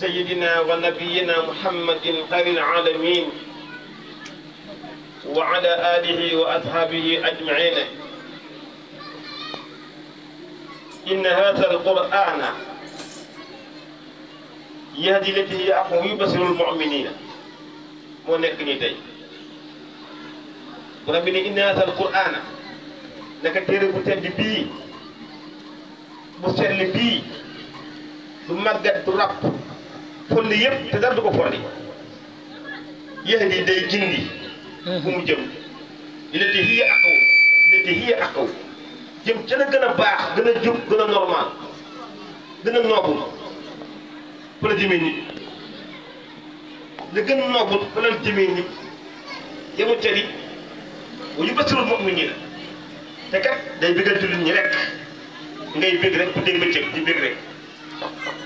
سيدنا ونبينا محمد قر العالمين وعلى آله وأصحابه أجمعين إن هذا القرآن يهدي التي هي بسر المؤمنين ونكني دي ربنا إن هذا القرآن لك تيري بتد بي بسر لبي du màggat xulli yëpp te dara du ko folli yahdi day gindi bu mm-hmm. mu jëm illati hiya aqaw illati jëm ca la gën a baax gën a jub gën a normal gën a noobul fa la jëmee nit la gën a noobul fa la jëmee nit yamu tari te kat day bëggal jullit ñi rek ngay bëgg rek bu dégg bëccëg di bëgg rek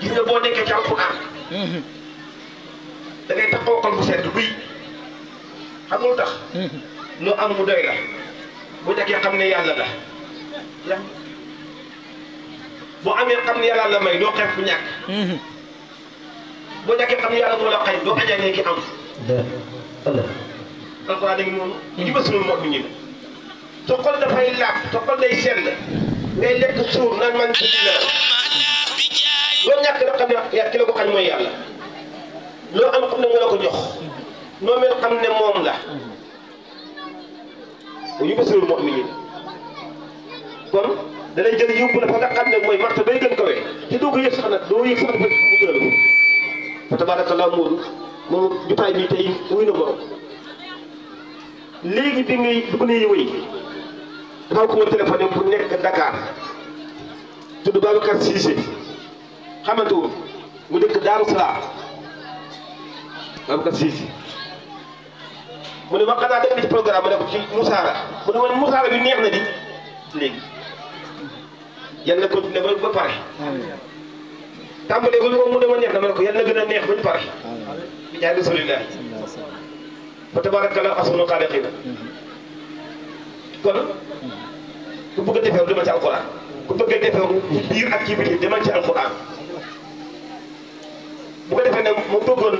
gis nga boo nekkee ci alquran Mhm. da ngay taxaw xol bu sedd buy xam nga lu tax. Mhm. lu am mu doy la bu njëkkee xam ne yàlla la yàlla amee xam ne yàlla la may doo xeeb bu ñàkk. Mhm. bu njëkkee xam ne yàlla moo la xëy doo ajaanee ki am. dëgg la alxuraan dañu noonu. bu ci bësul moo ko ñëw. sa xol dafay laab sa xol day sell ngay lekk suur naan man ci dina xam ne yaa ko xam ne nga la ko jox noo mel moom la jël yóbbu la fa nga xam ne mooy marta bay gën ko yëg sax nag doo bi tey wuy na borom léegi bi ngay bi ko wëy dafa ko ma téléphoné bu nekk Dakar tudd Babacar Cissé xamantewul mu dëkk Daaru Salaam Babacar Cissé mu ne ma xanaa dëgg na ci programme ma ne ko ci Musaara mu ne ma Musaara bi neex na di léegi yal na continué ba ba pare. tàmbalee ba mu ne ma neex na ma ne ko yal na gën a neex ba ñu pare. bi jaay Rasulillah fa tabaarakallahu ahsanul xaaliqiin kon ku bëgg a defeewu dama ci alquran ku bëgg a defeewu ci biir ak ci biti dama ci alquran. mu bëggoon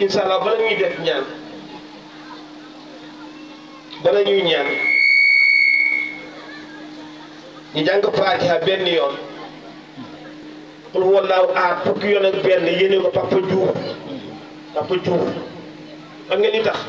incha allah bala ñuy def ñaan bala ñuy ñaan ñu jàng faatiha benn yoon xul wallaahu aar fukki yoon ak benn yéene ko Papa Diouf Papa Diouf xam nga li tax